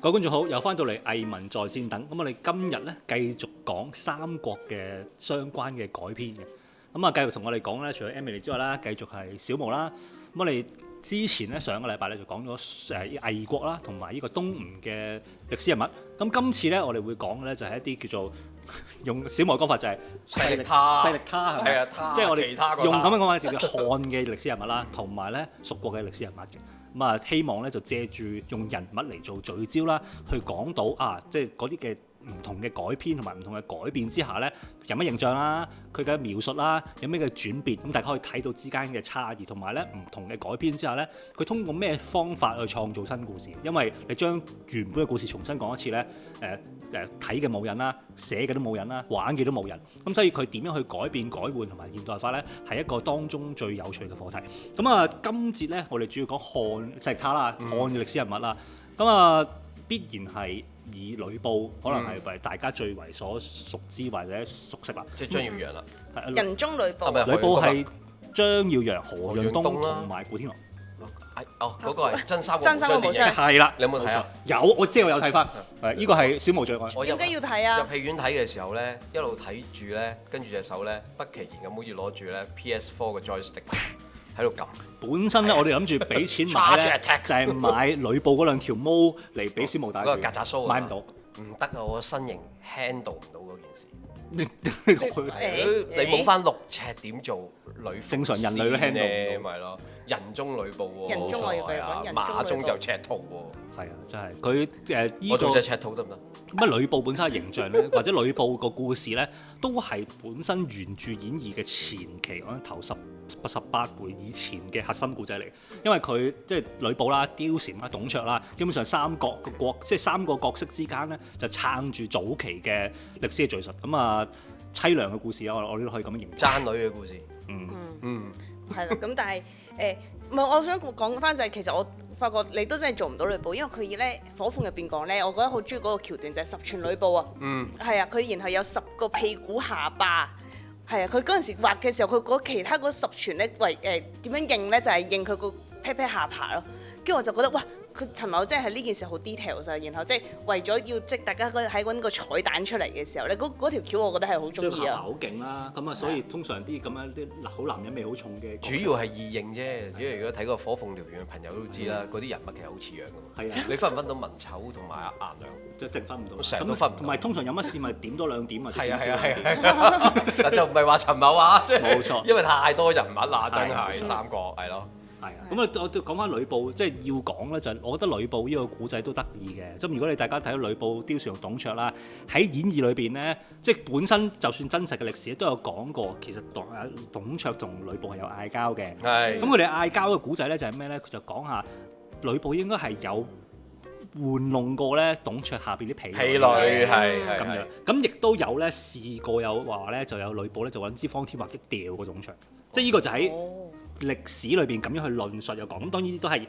各位觀眾好，又翻到嚟《藝文在線》等，咁我哋今日咧繼續講三國嘅相關嘅改編嘅，咁啊繼續同我哋講咧，除咗 Emily 之外啦，繼續係小毛啦。咁我哋之前咧上個禮拜咧就講咗誒魏國啦，同埋呢個東吳嘅歷史人物。咁今次咧我哋會講嘅咧就係一啲叫做用小毛嘅講法就係，勢力勢力卡係咪啊？是是他即係我哋用咁樣講法就叫漢嘅歷史人物啦，同埋咧蜀國嘅歷史人物嘅。咁啊，希望咧就借住用人物嚟做聚焦啦，去講到啊，即係嗰啲嘅。唔同嘅改編同埋唔同嘅改變之下呢，有乜形象啦？佢嘅描述啦，有咩嘅轉變？咁大家可以睇到之間嘅差異，同埋呢，唔同嘅改編之下呢，佢通過咩方法去創造新故事？因為你將原本嘅故事重新講一次呢，誒誒睇嘅冇人啦，寫嘅都冇人啦，玩嘅都冇人。咁、嗯、所以佢點樣去改變改換同埋現代化呢？係一個當中最有趣嘅課題。咁、嗯、啊，今節呢，我哋主要講漢石卡啦，漢歷史人物啦，咁、嗯、啊必然係。以呂布可能係為大家最為所熟知或者熟悉啦，嗯、即係張、啊、張耀揚啦，人中呂布，係張耀揚、何潤東同埋、啊、古天樂、啊。哦，嗰、那個係真三國無雙，係啦、啊，了你有冇睇啊？有，我知我有睇翻。呢個係《小無罪》我入。我點解要睇啊？入戲院睇嘅時候咧，一路睇住咧，跟住隻手咧，不其然咁好似攞住咧 PS Four 嘅 Joystick。喺度撳本身咧，我哋諗住俾錢買咧，就係 ging attack 買呂布嗰兩條毛嚟俾小毛打。嗰 個曱甴須買唔到，唔得啊！我身形 handle 唔到嗰件事。你冇翻六尺點做呂布？正常人類都 handle 唔到，咪咯、哎？人中呂布喎，冇錯啊！啊馬中就赤兔喎。係啊，真係佢誒依個赤兔得唔得咁啊，呂布本身嘅形象咧，或者呂布個故事咧，都係本身原著演義嘅前期，我頭十八十八回以前嘅核心故仔嚟。因為佢即係呂布啦、貂蟬啦、董卓啦，基本上三國個國，即係三個角色之間咧，就撐住早期嘅歷史嘅敍述。咁啊，凄涼嘅故事啊，我哋都可以咁形容。爭女嘅故事，嗯嗯，係啦。咁但係誒，唔係我想講翻就係其實我。發覺你都真係做唔到呂布，因為佢咧火鳳入邊講咧，我覺得好中意嗰個橋段就係、是、十全呂布啊，嗯，係啊，佢然後有十個屁股下巴，係啊，佢嗰陣時畫嘅時候，佢嗰其他嗰十全咧，喂誒點樣認咧，就係、是、認佢個撇撇下巴咯，跟住我就覺得哇。佢陳某即係呢件事好 detail 啊，然後即係為咗要即係大家喺揾個彩蛋出嚟嘅時候咧，嗰嗰條橋我覺得係好中意啊。最考勁啦，咁啊，所以通常啲咁樣啲好男人味好重嘅。主要係異形啫，因為如果睇過《火鳳燎原》嘅朋友都知啦，嗰啲人物其實好似樣㗎嘛。係啊，你分唔分到文醜同埋顏良？即係真分唔到。成都分唔到。唔係通常有乜事咪點多兩點啊？係啊係啊係啊！就唔係話陳某啊，即係冇錯，因為太多人物啦，真係三個係咯。係啊，咁啊，我講翻呂布，即係要講咧就係，我覺得呂布呢個古仔都得意嘅。咁如果你大家睇到呂布貂蟬同董卓啦，喺演義裏邊咧，即係本身就算真實嘅歷史都有講過，其實董卓同呂布係有嗌交嘅。係的。咁佢哋嗌交嘅古仔咧就係咩咧？佢就講下呂布應該係有玩弄過咧董卓下邊啲婢女。婢女係。咁樣，咁亦都有咧試過有話咧，就有，就有呂布咧就揾支方天畫戟掉個董卓。即係呢個就喺。哦哦歷史裏邊咁樣去論述，又講，咁當然都係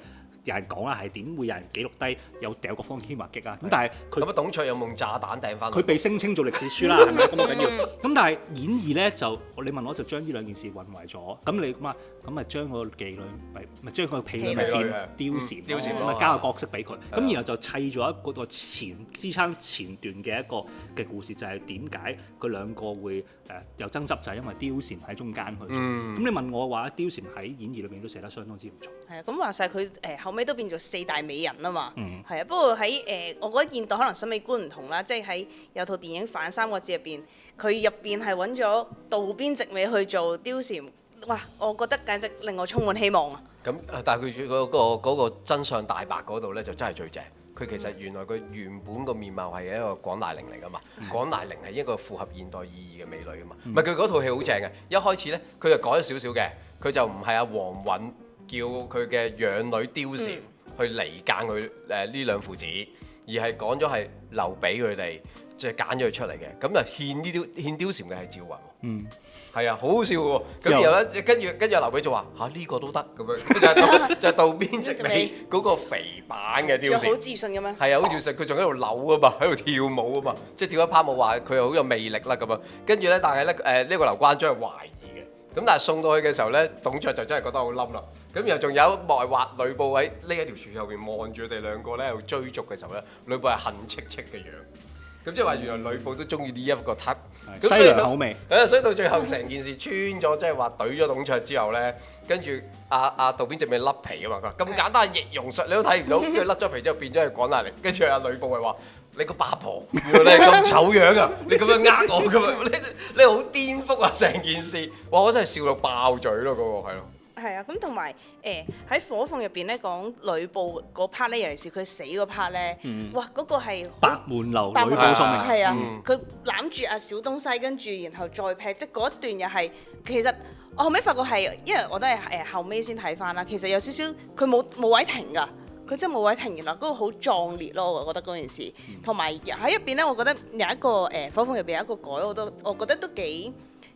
有人講啦，係點會有人記錄低有掉過方天畫戟啊？咁的但係佢，咁啊董卓有冇炸彈掟翻？佢被聲稱做歷史書啦，係咪咁唔緊要？咁 但係《演義》呢咧就，你問我就將呢兩件事混為咗。咁你咁啊？咁咪將個妓女咪咪將個婢女變貂蟬，咁咪屁女 女加個角色俾佢，咁、嗯、然後就砌咗一個前支撐前段嘅一個嘅故事，嗯、就係點解佢兩個會誒、呃、有爭執，就係、是、因為貂蟬喺中間去做。咁、嗯、你問我話，貂蟬喺演義裏邊都寫得相當之唔錯。係啊、嗯，咁話晒佢誒後尾都變做四大美人啦嘛。係啊、嗯，不過喺誒、呃、我覺得現代可能審美觀唔同啦，即係喺有套電影《反三國志》入邊，佢入邊係揾咗渡邊直美去做貂蟬。哇！我覺得簡直令我充滿希望啊！咁但係佢嗰個嗰個真相大白嗰度咧，就真係最正。佢其實原來佢原本個面貌係一個廣大玲嚟噶嘛。嗯、廣大玲係一個符合現代意義嘅美女啊嘛。唔係，佢嗰套戲好正嘅，一開始咧佢就改咗少少嘅，佢就唔係阿王允叫佢嘅養女貂蟬去離間佢誒呢兩父子，而係講咗係劉備佢哋就揀咗佢出嚟嘅，咁就獻呢條獻貂蟬嘅係趙雲。嗯，係、mm. 啊，好好笑喎。咁、嗯、然後咧後，跟住跟住劉備就話嚇呢個都得咁樣，就 就到邊即尾嗰個肥版嘅招式。好 自信咁樣？係啊，好自信，佢仲喺度扭啊嘛，喺度跳舞啊嘛，即係跳一 part 冇話佢又好有魅力啦咁啊。跟住咧，但係咧，誒、呃、呢、呢個劉關張係懷疑嘅。咁但係送到去嘅時候咧，董卓就真係覺得好冧啦。咁然後仲有幕係畫呂布喺呢一條樹後邊望住佢哋兩個咧，度追逐嘅時候咧，呂布係恨戚戚嘅樣。咁即係話原來呂布都中意呢一個突，所以西涼口味。誒，所以到最後成件事穿咗，即係話懟咗董卓之後咧，跟住阿阿杜邊直尾甩皮啊嘛！佢話咁簡單易容術你都睇唔到，跟住甩咗皮之後變咗係廣下嚟，跟住阿呂布係話你個八婆，你係咁醜樣啊！你咁樣呃我咁樣，你你好顛覆啊成件事！哇！我真係笑到爆嘴咯，嗰、嗰個係咯。係啊，咁同埋誒喺火鳳入邊咧講呂布嗰 part 咧，尤其是佢死嗰 part 咧，嗯、哇嗰、嗰個係白門樓呂布啊，佢攬住阿小東西，跟住然後再劈，即係嗰一段又係其實我後尾發覺係，因為我都係誒、呃、後尾先睇翻啦。其實有少少佢冇冇位停㗎，佢真係冇位停。原來嗰、嗰個好壯烈咯，我覺得嗰件事。同埋喺入邊咧，我覺得有一個誒、欸、火鳳入邊有一個改，我都我覺得都幾。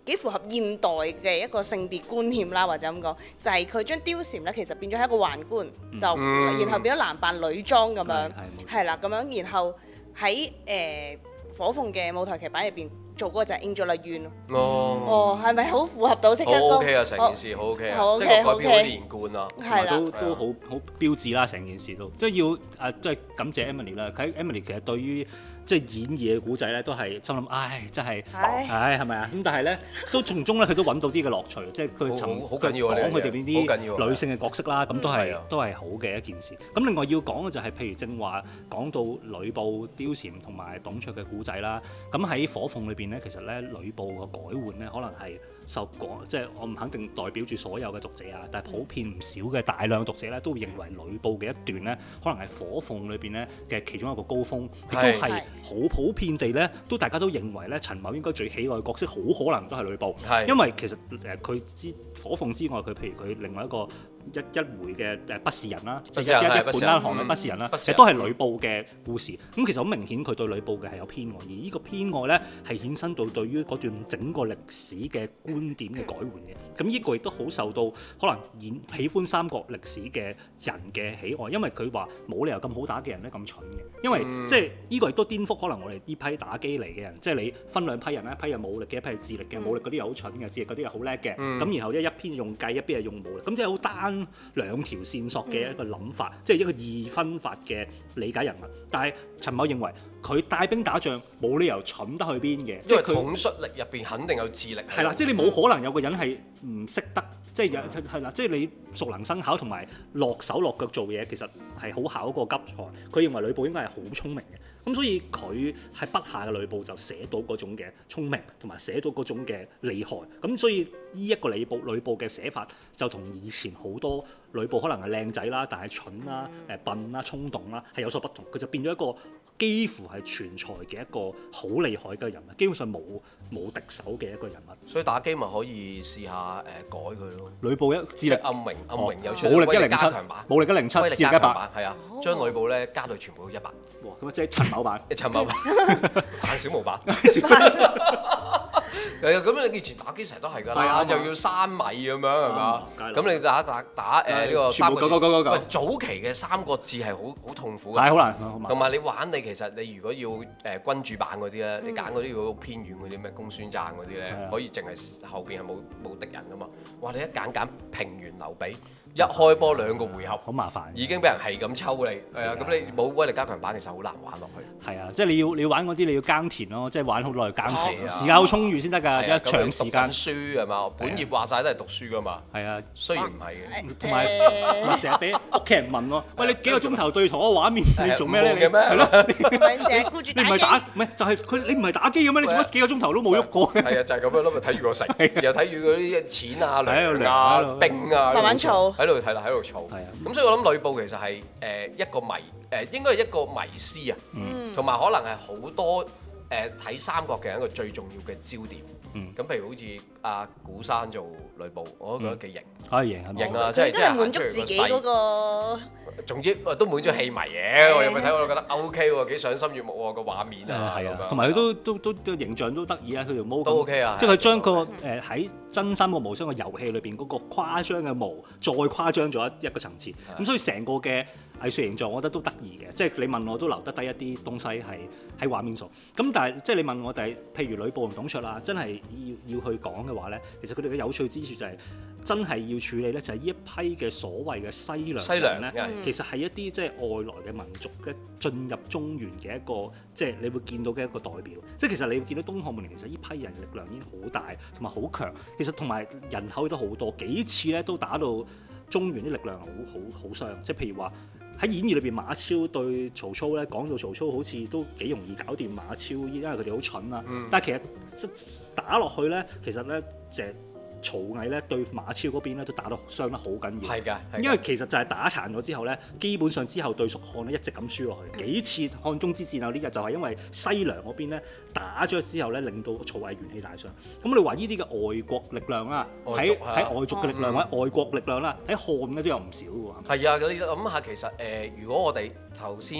幾符合現代嘅一個性別觀念啦，或者咁講，就係佢將貂蟬咧其實變咗係一個宦官，就然後變咗男扮女裝咁樣，係啦咁樣，然後喺誒火鳳嘅舞台劇版入邊做嗰個就係 Angelina Yuan 咯，哦，係咪好符合到？O K 啊，成件事好 O K 啊，即係個改變好連貫啊，係啦，都都好好標誌啦，成件事都，即係要誒，即係感謝 Emily 啦，佢 Emily 其實對於。即係演義嘅古仔咧，都係心諗，唉，真係，唉，係咪啊？咁但係咧，都從中咧，佢都揾到啲嘅樂趣，即係佢尋好緊要喎。講佢哋邊啲女性嘅角色啦，咁、啊、都係、啊、都係好嘅一件事。咁另外要講嘅就係，譬如正話講到呂布、貂蟬同埋董卓嘅古仔啦。咁喺火鳳裏邊咧，其實咧呂布嘅改換咧，可能係。受講即係我唔肯定代表住所有嘅讀者啊，但係普遍唔少嘅大量讀者咧，都認為呂布嘅一段咧，可能係《火鳳》裏邊咧嘅其中一個高峰，亦是都係好普遍地咧，都大家都認為咧，陳某應該最喜愛嘅角色，好可能都係呂布，是因為其實誒佢之《火鳳》之外，佢譬如佢另外一個。一一回嘅誒不是人啦、啊，一一本。單行嘅不是人啦、啊，其實都係呂布嘅故事。咁、嗯、其實好明顯，佢對呂布嘅係有偏愛，而呢個偏愛咧係衍生到對於嗰段整個歷史嘅觀點嘅改換嘅。咁呢個亦都好受到可能演喜歡三國歷史嘅人嘅喜愛，因為佢話冇理由咁好打嘅人咧咁蠢嘅，因為即係呢個亦都顛覆可能我哋呢批打機嚟嘅人，即、就、係、是、你分兩批人，一批係武力嘅，一批係智力嘅，武力嗰啲又好蠢嘅，智力嗰啲又好叻嘅。咁、嗯、然後咧一邊用計，一邊係用武力，咁即係好單。兩條線索嘅一個諗法，嗯、即係一個二分法嘅理解人物。但係陳某認為，佢帶兵打仗冇理由蠢得去邊嘅，因為即係佢統率力入邊肯定有智力。係啦，嗯、即係你冇可能有個人係唔識得，即係係啦，即係你熟能生巧同埋落手落腳做嘢，其實係好考過急才。佢認為呂布應該係好聰明嘅。咁、嗯、所以佢喺筆下嘅呂布就寫到嗰種嘅聰明，同埋寫到嗰種嘅厲害。咁、嗯、所以呢一個呂布，呂布嘅寫法就同以前好多呂布可能係靚仔啦，但係蠢啦、誒、嗯、笨啦、衝動啦係有所不同。佢就變咗一個。幾乎係全才嘅一個好厲害嘅人物，基本上冇冇敵手嘅一個人物。所以打機咪可以試下誒改佢咯。呂布一智力暗榮，暗榮有出，武、哦、力一零七，武力一零七，智力一百，係啊，將呂布咧加到全部一百。咁啊，即係陳某版，陳某版，陳 小毛版。 係啊，咁、 嗯、你以前打機成日都係㗎，係啊，又要三米咁樣係嘛？咁、嗯、你打打打誒呢、嗯呃這個全部 三國志早期嘅三國志係好好痛苦嘅，好難。同埋你玩你、嗯、其實你如果要誒君主版嗰啲咧，你揀嗰啲要偏遠嗰啲咩公孫瓚嗰啲咧，嗯、可以淨係後邊係冇冇敵人噶嘛？哇！你一揀揀平原劉備。一開波兩個回合好麻煩，已經俾人係咁抽你。係啊，咁你冇威力加強版其實好難玩落去。係啊，即係你要你玩嗰啲你要耕田咯，即係玩好耐耕田，時間好充裕先得㗎。一長時間輸係嘛？本業話晒都係讀書㗎嘛。係啊，雖然唔係嘅。同埋成日俾屋企人問我，喂，你幾個鐘頭對同嘅畫面你做咩咧？你係咯，你唔係打，唔係就係佢，你唔係打機㗎咩？你做乜幾個鐘頭都冇喐過？係啊，就係咁樣咯，咪睇住個城，又睇住嗰啲錢啊、糧啊、兵啊，慢慢湊。喺度睇啦，喺度嘈，咁的所以我諗呂布其實係誒、呃、一個迷，誒、呃、應該係一個迷思啊，同埋、嗯、可能係好多。誒睇《三國》嘅一個最重要嘅焦點，咁譬如好似阿古生做呂布，我都覺得幾型，啊型型啊，即係即係滿足自己嗰個。總之，都滿足戲迷嘅，我有冇睇，我都覺得 O K 喎，幾賞心悅目喎，個畫面啊，係啊，同埋佢都都都都形象都得意啊，佢條毛都 O K 啊，即係佢將個誒喺真三國無雙嘅遊戲裏邊嗰個誇張嘅毛再誇張咗一個層次，咁所以成個嘅。藝術形象，我覺得都得意嘅，即係你問我都留得低一啲東西，係喺畫面上。咁但係即係你問我哋，譬如呂布同董卓啦，真係要要去講嘅話咧，其實佢哋嘅有趣之處就係、是、真係要處理咧，就係、是、呢一批嘅所謂嘅西涼。西涼咧，嗯、其實係一啲即係外來嘅民族嘅進入中原嘅一個，即係你會見到嘅一個代表。即係其實你會見到東漢末年其實呢批人力量已經好大，同埋好強。其實同埋人口都好多，幾次咧都打到中原啲力量好好好傷。即係譬如話。喺演義裏邊，馬超對曹操咧，講到曹操好似都幾容易搞掂馬超，因為佢哋好蠢啦、啊。嗯、但係其實打落去咧，其實咧鄭。就係曹魏咧對馬超嗰邊咧都打得傷得好緊要，係㗎。因為其實就係打殘咗之後咧，基本上之後對蜀漢咧一直咁輸落去。幾次漢中之戰啊，呢日就係因為西涼嗰邊咧打咗之後咧，令到曹魏元氣大傷。咁你話呢啲嘅外國力量啊，喺喺外族嘅在的力量，或者、嗯、外國力量啦，喺漢咧都有唔少㗎喎。係啊，你諗下其實誒、呃，如果我哋頭先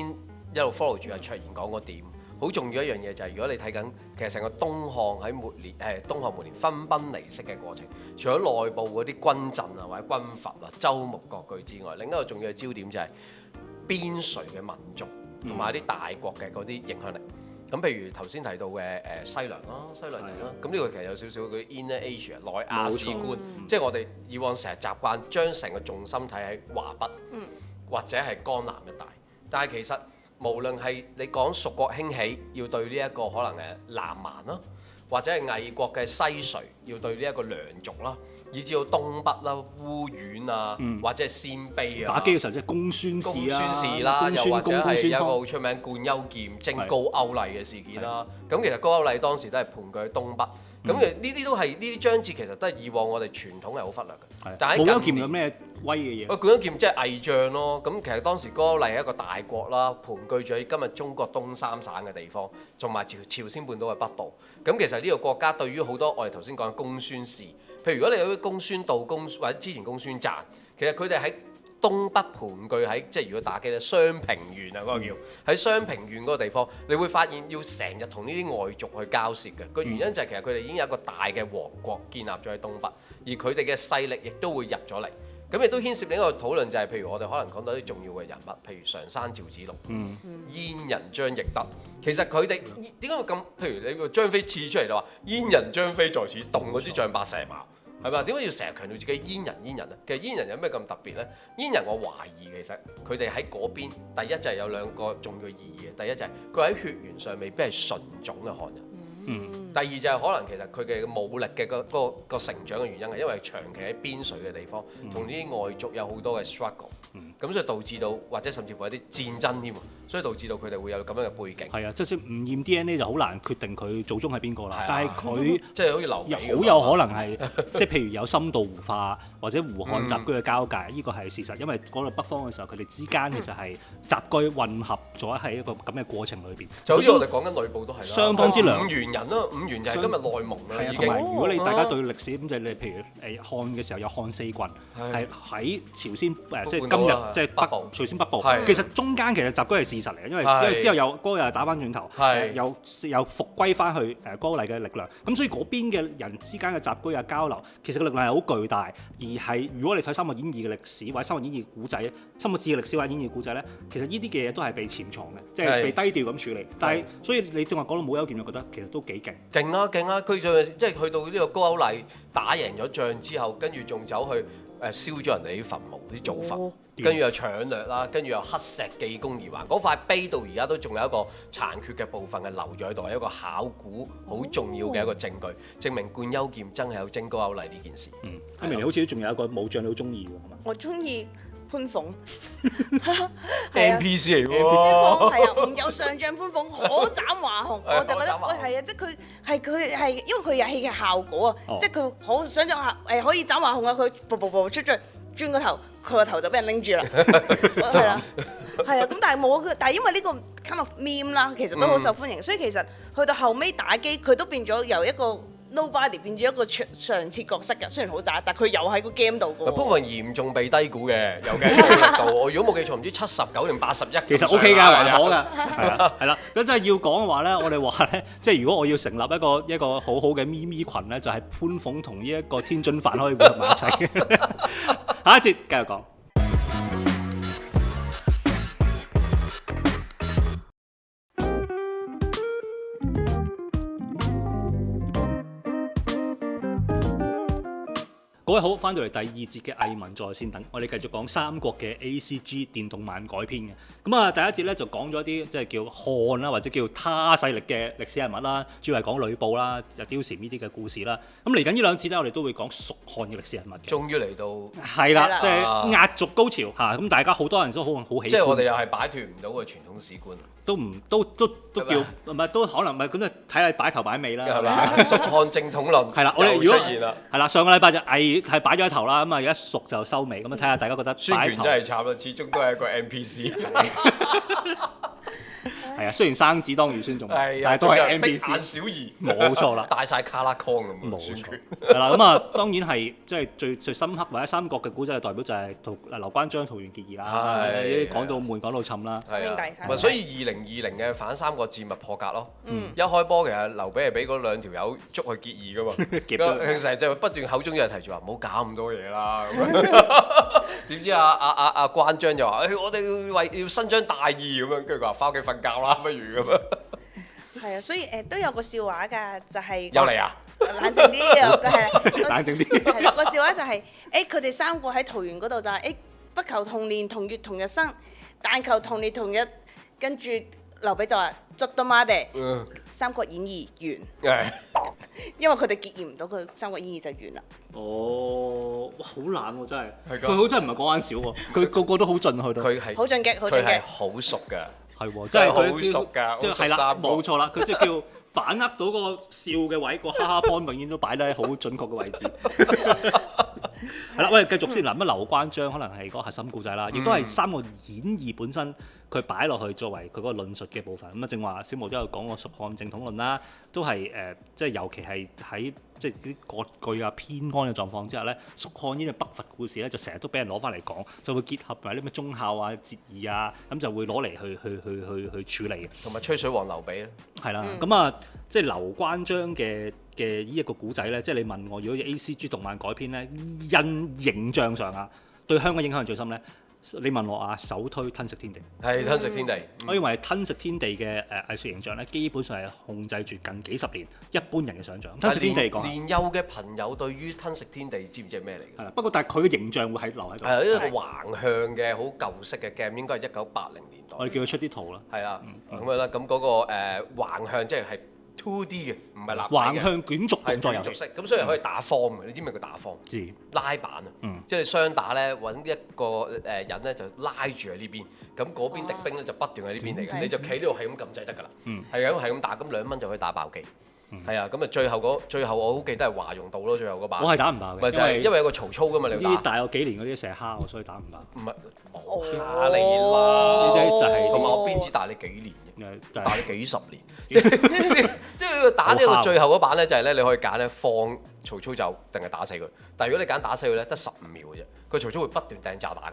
一路 follow 住阿卓然講個點？好重要一樣嘢就係、是，如果你睇緊其實成個東漢喺末年，誒東漢末年分崩離析嘅過程，除咗內部嗰啲軍陣啊或者軍閥啊、州牧各據之外，另一個重要嘅焦點就係、是、邊陲嘅民族同埋啲大國嘅嗰啲影響力。咁譬如頭先提到嘅誒西涼啦、西涼地啦，咁呢的、嗯這個其實有少少嗰啲 inner Asia 內亞史觀，即係錯我哋以往成日習慣將成個重心睇喺華北、嗯、或者係江南一帶，但係其實。無論係你講蜀國興起，要對呢一個可能嘅南蠻咯。或者係魏國嘅西陲，要對呢一個羌族啦，以至到東北啦、烏丸啊，嗯、或者係鮮卑啊。打機嘅時候，即係公公孫氏啦、啊，又或者係一個好出名毌丘儉征的高句麗嘅事件啦、啊。咁的其實高句麗當時都係盤踞喺東北，咁呢啲都係呢啲章節其實都係以往我哋傳統係好忽略嘅。的但冇毌丘儉有咩威嘅嘢？啊，毌丘儉即係魏將咯、啊。咁其實當時高句麗係一個大國啦，盤踞咗喺今日中國東三省嘅地方，同埋朝朝鮮半島嘅北部。咁其實呢個國家對於好多我哋頭先講嘅公孫氏，譬如如果你有啲公孫道公或者之前公孫瓚，其實佢哋喺東北盤踞。喺即係如果打機咧，襄平原啊，嗰個叫喺襄平原嗰個地方，你會發現要成日同呢啲外族去交涉嘅個原因就係其實佢哋已經有一個大嘅王國建立咗喺東北，而佢哋嘅勢力亦都會入咗嚟。咁亦都牽涉另一個討論，就係，就係譬如我哋可能講到啲重要嘅人物，譬如常山趙子龍、嗯、燕人張翼德。其實佢哋點解會咁？譬如你個張飛刺出嚟就話燕人張飛在此，動我啲丈八蛇矛係咪？點解要成日強調自己燕人？燕人啊，其實燕人有咩咁特別咧？燕人我懷疑其實佢哋喺嗰邊第一就係有兩個重要意義嘅。第一就係佢喺血緣上未必係純種嘅漢人。第二就係可能其實佢嘅武力嘅個個個成長嘅原因係因為長期喺邊陲嘅地方，同啲外族有好多嘅 struggle，咁所以導致到或者甚至乎一啲戰爭添，所以導致到佢哋會有咁樣嘅背景。係啊，即使唔驗 DNA 就好難決定佢祖宗係邊個啦，但係佢即係好似流好有可能係即係譬如有深度胡化或者胡漢雜居嘅交界，呢個係事實，因為講到北方嘅時候，佢哋之間其實係雜居混合咗喺一個咁嘅過程裏邊。就好似我哋講緊呂布都係啦，相當之兩遠。人咯，五原就係今日內蒙咧。同埋如果你大家對歷史咁就你譬如誒漢嘅時候，有漢四郡係喺朝鮮，誒即係今日即係北朝鮮北部。其實中間其實集居係事實嚟嘅，因為因為之後有嗰又打翻轉頭，又有復歸翻去誒高麗嘅力量。咁所以嗰邊嘅人之間嘅集居啊交流，其實個力量係好巨大。而係如果你睇《三國演義》嘅歷史，或者《三國演義》古仔，《三國志》嘅歷史，或者《演義》古仔咧，其實呢啲嘅嘢都係被潛藏嘅，即係被低調咁處理。但係所以你正話講到冇有點，我覺得其實都。幾勁！勁啊勁啊！佢、啊、就即係去到呢個高句麗打贏咗仗之後，跟住仲走去誒燒咗人哋啲墳墓、啲祖墳跟住又搶掠啦，跟住又刻石記功。而還。嗰塊碑到而家都仲有一個殘缺嘅部分係留咗喺度，係、oh. 一個考古好重要嘅一個證據，證明毌丘儉真係有征高句麗呢件事。嗯、oh. 的，阿明玲好似都仲有一個武將你好中意㗎嘛？我中意。潘攀鳳 n p c 嚟嘅喎，係 啊，唔、啊啊、有上將潘鳳可斬華雄， 我就覺得，係啊，即係佢係佢係因為佢遊戲嘅效果啊，即係佢好想像下誒、哎、可以斬華雄啊，佢噗噗噗，出咗去轉個頭，佢個頭就俾人拎住啦，係啦，係啊，咁但係冇，但係因為呢個 kind of meme 啦，其實都好受歡迎，嗯、所以其實去到後尾打機，佢都變咗由一個。Nobody 變咗一個上次角色嘅，雖然好渣，但佢又喺個 game 度嘅。潘鳳嚴重被低估嘅，有嘅。 我如果冇記錯，唔知七十九定八十一，其實 OK 㗎，還好㗎。係啊的，係啦。 咁真係要講嘅話咧，我哋話咧，即係如果我要成立一個一個好好嘅咪咪群咧，就係、是、潘鳳同呢一個天津飯可以合埋一齊。 下一節繼續講。各位好，翻到嚟第二節嘅藝文在線等，我哋繼續講《三國》嘅 A C G 電動漫改編嘅。咁、嗯、啊，第一節咧就講咗啲即係叫漢啦，或者叫他勢力嘅歷史人物啦，主要係講呂布啦、就貂蟬呢啲嘅故事啦。咁嚟緊呢兩節咧，我哋都會講蜀漢嘅歷史人物嘅。終於嚟到，係啦的，即係壓軸高潮嚇。咁、嗯、大家好多人都好，好喜歡。即係我哋又係擺脫唔到嘅傳統史觀。都唔都都都叫唔係吧，都可能唔係，咁就睇下擺頭擺尾啦，係咪吧？蜀漢 正統論，係啦 了，我哋如果係啦，係啦，上個禮拜就魏係擺咗頭啦，咁啊而家蜀就收尾，咁啊睇下大家覺得。孫權真係慘啦，始終都係一個 NPC。 係啊，雖然生子當如孫仲，但係都係 MBC 小兒，冇錯啦，帶晒卡拉康咁冇錯。係啦，咁啊，當然係即係最最深刻或者三國嘅古仔嘅代表就係陶劉關張桃園結義啦。係講到悶，講到沉啦。兄弟，所以二零二零嘅反三國戰物破格咯。嗯，一開波其實劉備係俾嗰兩條友捉去結義噶嘛，結咗成日就不斷口中又提住話唔好搞咁多嘢啦。點知阿阿阿阿關張就話：誒、哎，我哋要為要伸張大義咁樣，跟住佢話返屋企瞓覺啦，不如咁樣。係啊，所以誒、呃、都有個笑話㗎，就係、是那個。又嚟啊！冷靜啲，係冷靜啲。係咯，個笑話就係、是，誒、欸，佢哋三個喺桃園嗰度就係、是，誒、欸，不求同年同月同日生，但求同年同日跟住。劉備就話：卒都媽地，《三國演義》完，因為佢哋結義唔到，佢《三國演義》就完啦。哦，哇，好懶喎，真係，佢好真係唔係講翻少喎，佢個個都好進去到，佢好進擊，佢進擊，好熟㗎，係喎，真係好熟㗎，即係啦，冇錯啦，佢即係叫反握到個笑嘅位，個哈哈幹永遠都擺得喺好準確嘅位置。係啦，喂，繼續先啦，咁劉關張可能係個核心故仔啦，亦都係《三國演義》本身。佢擺落去作為佢嗰個論述嘅部分，咁啊正話小毛都有講過蜀漢正統論啦，都係誒，即、呃、係尤其係喺即係啲割據啊、偏安嘅狀況之下咧，蜀漢呢啲北伐故事咧，就成日都俾人攞翻嚟講，就會結合埋啲咩忠孝啊、節義啊，咁就會攞嚟去去去去去處理同埋吹水王劉備咧，係啦的，咁啊、嗯，即係劉關張嘅嘅呢一個古仔咧，即、就、係、是、你問我如果 A C G 動漫改編咧，因形象上啊，對香港影響最深咧？你問我啊，首推吞《吞食天地》嗯。係《吞食天地》呃，我認為《吞食天地》嘅誒藝術形象咧，基本上係控制住近幾十年一般人嘅想象。吞食天地嚟講，年幼嘅朋友對於《吞食天地》知唔知係咩嚟？係啦。不過但係佢嘅形象會喺留喺度。係、這個、的一個、呃、橫向嘅好舊式嘅 game，應該係一九八零年代。我哋叫佢出啲圖啦。係啦，咁樣啦，咁嗰個誒橫向即係。two d 嘅，唔係立體嘅，橫向卷軸式咁，所以可以打方嘅。你知唔知佢打方？知拉板啊，即係雙打咧，揾一個誒人咧就拉住喺呢邊，咁嗰邊敵兵咧就不斷喺呢邊嚟嘅。你就企呢度係咁撳掣得㗎啦，係咁係咁打，咁兩蚊就可以打爆機。係啊，咁啊最後嗰最後我好記得係華容道咯，最後嗰板我係打唔爆嘅，因為因為有個曹操㗎嘛。呢啲大我幾年嗰啲成日蝦我，所以打唔爆。唔係蝦你啦，呢啲就係同埋我邊止打你幾年？打咗幾十年，即 係 你打呢個最後嗰版咧，就係咧你可以揀咧放曹操走，定係打死佢。但係如果你揀打死佢咧，得十五秒嘅啫。個曹操會不斷掟炸彈，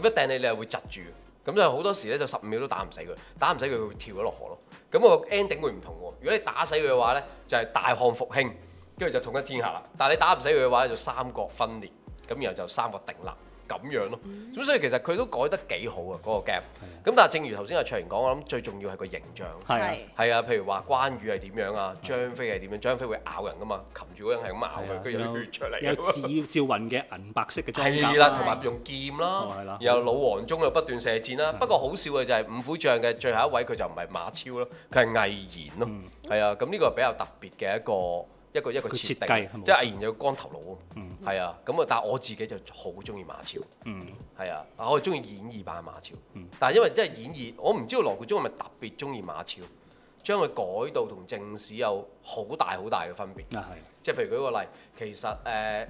咁一掟你你係會窒住，咁就好多時咧就十五秒都打唔死佢，打唔死佢佢會跳咗落河咯。咁個 ending 會唔同喎。如果你打死佢嘅話咧，就係大漢復興，跟住就統一天下啦。但係你打唔死佢嘅話，就三國分裂，咁然後就三國鼎立。咁樣咯，咁所以其實佢都改得幾好啊，嗰個 gap，咁但係正如頭先阿卓然講，我諗最重要係個形象，係啊，係啊，譬如話關羽係點樣啊，張飛係點樣，張飛會咬人噶嘛，擒住嗰人係咁咬佢，跟住血出嚟，有趙趙雲嘅銀白色嘅裝甲啦，同埋用劍啦，然後老黃忠又不斷射箭啦，不過好笑嘅就係五虎將嘅最後一位佢就唔係馬超咯，佢係魏延咯，係啊，咁呢個比較特別嘅一個。一個一個設定，設是是即係毅然有光頭佬，係啊、嗯，咁啊，但係我自己就好中意馬超，嗯，係啊，我中意演義版馬超，嗯、但係因為即係演義，我唔知道羅貫中係咪特別中意馬超，將佢改到同正史有好大好大嘅分別，即係、嗯、譬如舉個例，其實誒、呃、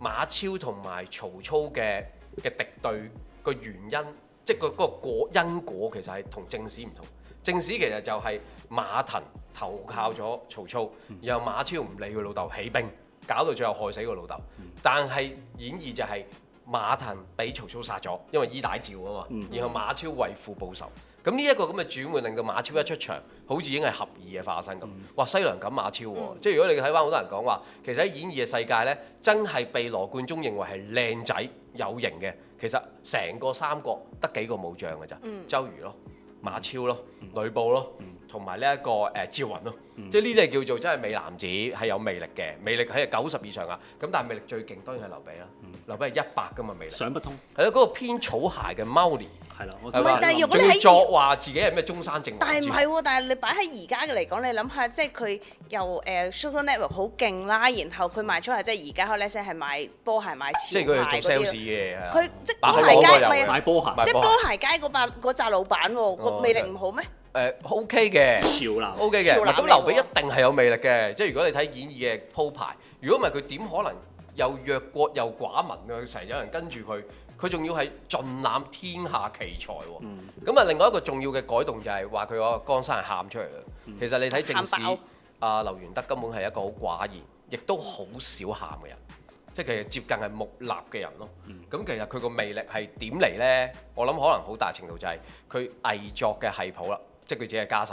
馬超同埋曹操嘅嘅敵對個原因，即係個嗰因果其實係同正史唔同，正史其實就係馬騰。投靠咗曹操，然後馬超唔理佢老豆，起兵搞到最後害死個老豆。但係演義就係馬騰俾曹操殺咗，因為衣帶詔啊嘛。嗯、然後馬超為父報仇，咁呢一個咁嘅轉換令到馬超一出場，好似已經係俠義嘅化身咁。嗯、哇！西涼咁馬超喎、啊，嗯、即係如果你睇翻好多人講話，其實喺演義嘅世界呢，真係被羅貫中認為係靚仔有型嘅。其實成個三國得幾個武將㗎咋？周瑜咯，馬超咯，呂布咯。嗯嗯同埋呢一個誒趙雲咯，即係呢啲係叫做真係美男子，係有魅力嘅，魅力喺九十以上啊，咁但係魅力最勁當然係劉備啦，劉備係一百噶嘛魅力，想不通係咯。嗰個編草鞋嘅貓年係啦，我唔係，但係如果你喺作話自己係咩中山正？但係唔係喎，但係你擺喺而家嘅嚟講，你諗下，即係佢又誒 super level 好勁啦，然後佢賣出係即係而家 collection 係賣波鞋賣超大，即係佢做 sales 嘅，佢即係波鞋街唔係啊，即係波鞋街嗰版嗰扎老闆喎，個魅力唔好咩？O K 嘅，O 潮 K 嘅，咁、uh, okay okay、劉備一定係有魅力嘅。即係、嗯、如果你睇演義嘅鋪排，如果唔係佢點可能又弱國又寡民嘅成日有人跟住佢，佢仲要係盡攬天下奇才。咁啊、嗯，另外一個重要嘅改動就係話佢個江山係喊出嚟嘅。嗯、其實你睇正史，阿、嗯、劉元德根本係一個好寡言，亦都好少喊嘅人，即係、嗯、其實接近係木訥嘅人咯。咁其實佢個魅力係點嚟呢？我諗可能好大程度就係佢偽作嘅系譜啦。即係佢自己係家世，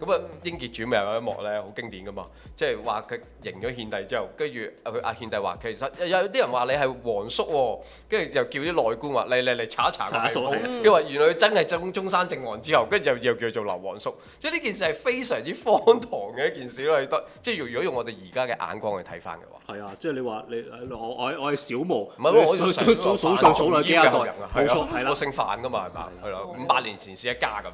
咁啊英傑傳命有一幕咧好經典噶嘛，即係話佢贏咗獻帝之後，跟住佢阿獻帝話其實有啲人話你係皇叔喎、哦，跟住又叫啲內官話你嚟嚟查一查，因為、right、原來佢真係中中山靖王之後，跟住又又叫做劉皇叔，即係呢件事係非常之荒唐嘅一件事咯，你得即係如果用我哋而家嘅眼光去睇翻嘅話，係啊，即係你話你我我係小毛，唔係我數數數上數嚟幾代，我姓范噶嘛係嘛，係啦，五百年前是一家咁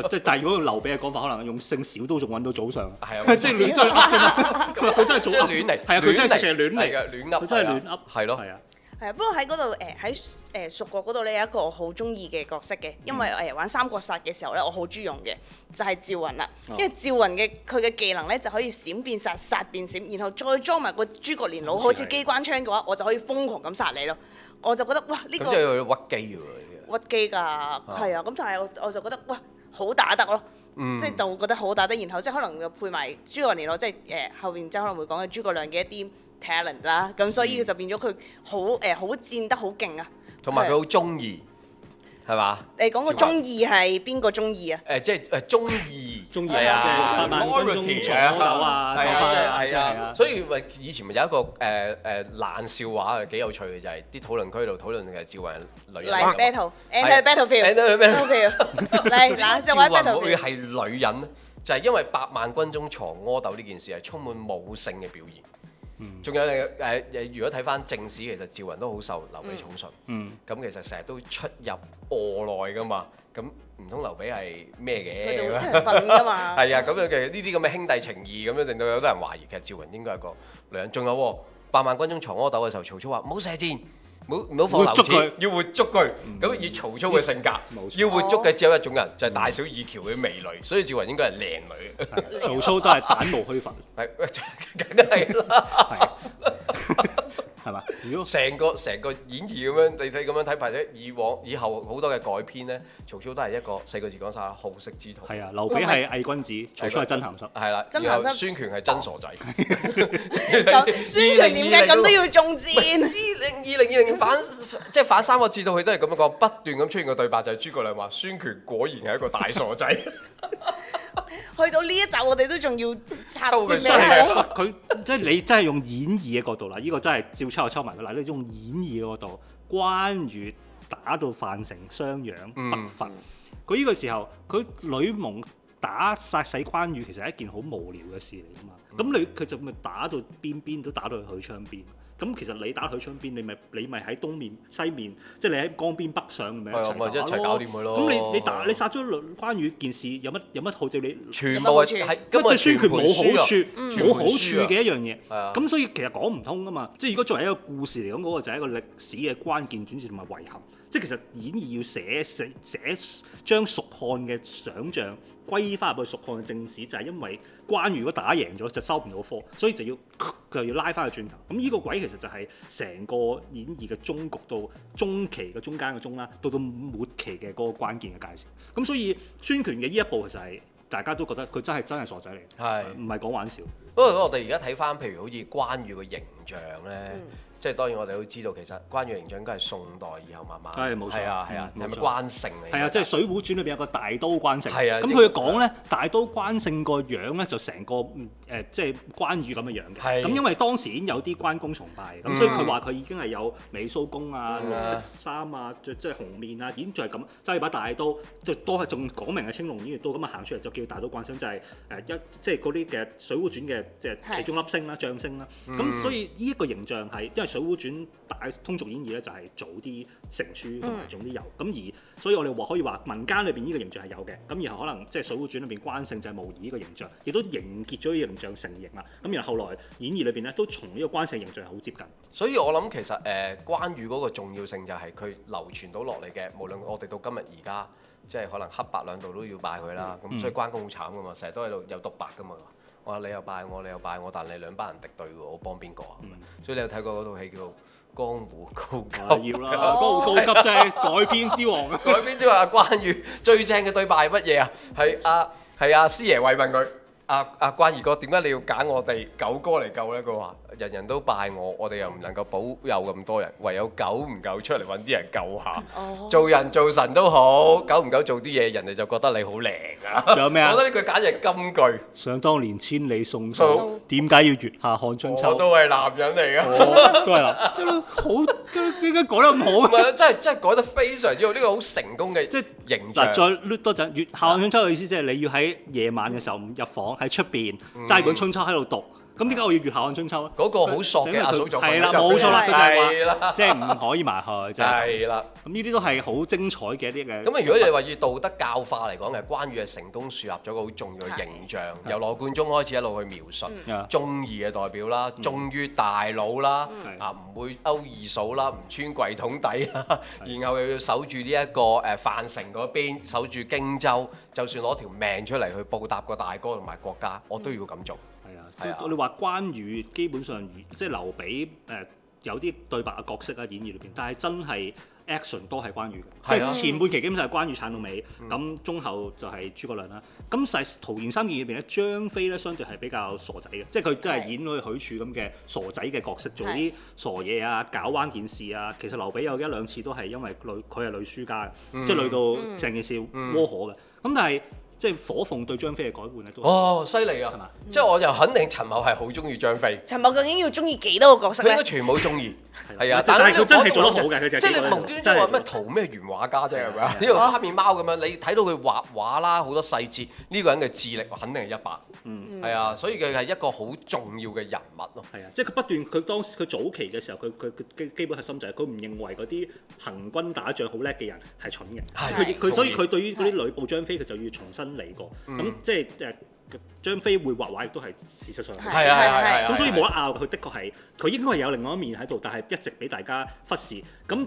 樣即但係嗰個劉備嘅講法，可能用姓小都仲揾到早上，係啊，即係亂都係噏啫佢真係做，即亂嚟，係啊，佢真係成日亂嚟嘅，亂噏，真係亂噏，係咯，係啊。係啊，不過喺嗰度誒，喺誒蜀國嗰度咧有一個我好中意嘅角色嘅，因為誒玩《三國殺》嘅時候咧，我好中意用嘅就係趙雲啦。因為趙雲嘅佢嘅技能咧就可以閃變殺，殺變閃，然後再裝埋個諸葛連弩，好似機關槍嘅話，我就可以瘋狂咁殺你咯。我就覺得哇，呢個即係屈機喎，屈機㗎，係啊。咁但係我就覺得哇。好打得咯，嗯、即係就覺得好打得，然後即係可能又配埋諸葛亮咯，即係誒、呃、後邊即係可能會講嘅諸葛亮嘅一啲 talent 啦、嗯，咁所以就變咗佢好誒、呃、好戰得好勁啊，同埋佢好中意，係嘛是？吧你講個中意係邊個中意啊？誒、呃、即係誒中意。呃 哎、中意啊！即係百萬軍中藏阿斗啊！係啊！係、哎、啊！啊啊所以咪以前咪有一個誒誒冷笑話啊，幾有趣嘅就係、是、啲討論區度討論嘅趙雲女人 battle，battlefield，battlefield，嚟冷笑話 battle feel 係女人，就係、是、因為百萬軍中藏阿斗呢件事係充滿母性嘅表現。仲、嗯嗯、有誒誒、呃，如果睇翻正史，其實趙雲都好受劉備寵信。嗯，咁、嗯嗯、其實成日都出入臥內噶嘛。咁唔通劉備係咩嘅？真係瞓㗎嘛，係啊， 咁樣嘅，呢啲咁嘅兄弟情義，咁樣令到有啲人懷疑，其實趙雲應該係個女人。仲有，百萬軍中藏阿斗嘅時候，曹操話唔好射箭，唔好唔好放流箭，要活捉佢。咁、嗯、以曹操嘅性格，錯要活捉嘅只有一種人，就係、是、大小二喬嘅美女。所以趙雲應該係靚女，嗯、 曹操都係彈無虛發，係梗係啦。 係嘛？如果成個成個演義咁樣，你睇咁樣睇，或者以往、以後好多嘅改編咧，曹操都係一個四個字講晒啦，好色之徒。係啊，劉備係偽君子，是是曹操係真咸濕，係啦、啊，然後孫權係真傻仔。孫 權點解咁都要中槍？二零二零反，即係反三個字到去都係咁樣講，不斷咁出現嘅對白就係諸葛亮話：孫權果然係一個大傻仔。 去到呢一集，我哋都仲要插截嘅、嗯。佢 即係你真係用演義嘅角度啦，呢、這個真係照。抽又抽埋佢，嗱，呢種演義嗰度，關羽打到樊城襄陽北伐，佢呢、嗯嗯、個時候，佢呂蒙打殺死關羽，其實係一件好無聊嘅事嚟㗎嘛，咁、嗯、你佢就咪打到邊邊都打到去槍邊。咁其實你打佢窗邊，你咪你咪喺東面、西面，即係你喺江邊北上，咪一,一、啊就是、一齊搞掂佢咯。咁你你打、啊、你殺咗關羽件事，有乜有乜好對你？全部係，咁對孫權冇好處，冇、嗯、好處嘅一樣嘢。咁、啊、所以其實講唔通噶嘛，即係如果作為一個故事嚟講，嗰個就係、是、一個歷史嘅關鍵轉折同埋遺憾。即係其實演義要寫寫、寫將蜀漢嘅想象歸翻入去蜀漢嘅正史，就係、是、因為關羽如果打贏咗就收唔到科，所以就要佢又、呃、要拉翻去轉頭。咁、嗯、呢、這個鬼其實就係成個演義嘅中局到中期嘅中間嘅中啦，到到末期嘅嗰個關鍵嘅介紹。咁、嗯、所以孫權嘅呢一步其實係大家都覺得佢真係真係傻仔嚟，係唔係講玩笑？不過我哋而家睇翻，譬如好似關羽嘅形象咧。嗯即係當然，我哋都知道其實關羽形象應該係宋代以後慢慢係冇錯，啊係啊，係咪、啊、錯關勝嚟？係啊，即係《水滸傳》裏邊有個大刀關勝。係啊，咁佢講咧，啊、大刀關勝個、呃就是、關樣咧就成個誒即係關羽咁嘅樣嘅。咁、啊、因為當時已經有啲關公崇拜咁、嗯、所以佢話佢已經係有美鬚公啊、綠色衫啊、即係、啊就是、紅面啊，已經仲係咁揸住把大刀，即係都係仲講明係青龍偃月刀咁啊行出嚟就叫大刀關勝，就係誒一即係嗰啲嘅《呃就是、水滸傳》嘅即係其中粒星啦、啊、將星啦、啊。咁、啊嗯、所以呢一個形象係因為。《水滸傳》大通俗演義咧，就係早啲成書同埋早啲有咁而，所以我哋話可以話民間裏邊呢個形象係有嘅，咁然後可能即係《水滸傳》裏邊關勝就係模擬呢個形象，亦都凝結咗呢個形象成形啦。咁然後後來演義裏邊咧都從呢個關勝形象係好接近。所以我諗其實誒關羽嗰個重要性就係佢流傳到落嚟嘅，無論我哋到今日而家即係可能黑白兩道都要拜佢啦。咁、嗯、所以關公好慘噶嘛，成日、嗯、都喺度有獨白噶嘛。我話你又拜我，你又拜我，但你兩班人敵對喎，我幫邊個啊？嗯、所以你有睇過嗰套戲叫做《江湖高級》啦，《江湖高級》即係改， 改編之王，改編之王啊！關羽最正嘅對白係乜嘢啊？係啊，係啊，師爺慰問佢。阿阿關二哥，點解你要揀我哋狗哥嚟救咧？佢話：人人都拜我，我哋又唔能夠保佑咁多人，唯有久唔久出嚟揾啲人救下。哦，做人做神都好，久唔久做啲嘢，人哋就覺得你好靚啊！仲有咩啊？我覺得呢句簡直金句。想當年千里送嫂，點解要月下看春秋？我都係男人嚟㗎，都係男。好，點解講得唔好？唔係，真係真係講得非常之好，呢個好成功嘅即係形象。嗱，再 look 多陣，月下看春秋嘅意思即係你要喺夜晚嘅時候入房。喺出邊揸住本春秋喺度讀。咁點解我要月下看春秋咧？嗰個好索嘅阿嫂就係啦，冇錯啦，即係唔可以埋去就係啦。咁呢啲都係好精彩嘅一啲嘅。咁啊，如果你話要道德教化嚟講嘅，關羽係成功樹立咗個好重要嘅形象，由羅貫中開始一路去描述忠義嘅代表啦，忠於大佬啦，啊唔會勾二嫂啦，唔穿櫃桶底啦，然後又要守住呢一個誒樊城嗰邊，守住荊州，就算攞條命出嚟去報答個大哥同埋國家，我都要咁做。我、嗯、你話關羽基本上，即係劉備誒有啲對白嘅角色員啊，演義裏邊，但係真係 action 都係關羽嘅，即係前半期基本上係關羽撐到尾，咁、嗯、中後就係諸葛亮啦。咁實係《桃園三結義》裏邊咧，張飛咧相對係比較傻仔嘅，即係佢都係演嗰啲許褚咁嘅傻仔嘅角色，做啲傻嘢啊，搞彎件事啊。其實劉備有一兩次都係因為女，佢係女輸家嘅，即係累到成件事窩火嘅。咁、嗯嗯、但係即係火鳳對張飛嘅改換咧，都哦犀利啊，係嘛？即係我就肯定陳某係好中意張飛。陳某究竟要中意幾多個角色佢應該全部中意。係啊，但係佢真係做得好嘅，佢就即係無端端話咩圖咩原畫家啫，係咪啊？黑面貓咁樣，你睇到佢畫畫啦，好多細節，呢個人嘅智力肯定係一百。嗯，係啊，所以佢係一個好重要嘅人物咯。係啊，即係佢不斷佢當時佢早期嘅時候，佢佢基本核心就係佢唔認為嗰啲行軍打仗好叻嘅人係蠢嘅。佢佢所以佢對於嗰啲呂布張飛，佢就要重新嚟過，咁、嗯、即係誒張飛會畫畫，亦都係事實上係，係啊係啊係啊，咁所以冇得拗，佢的確係佢應該係有另外一面喺度，但係一直俾大家忽視。咁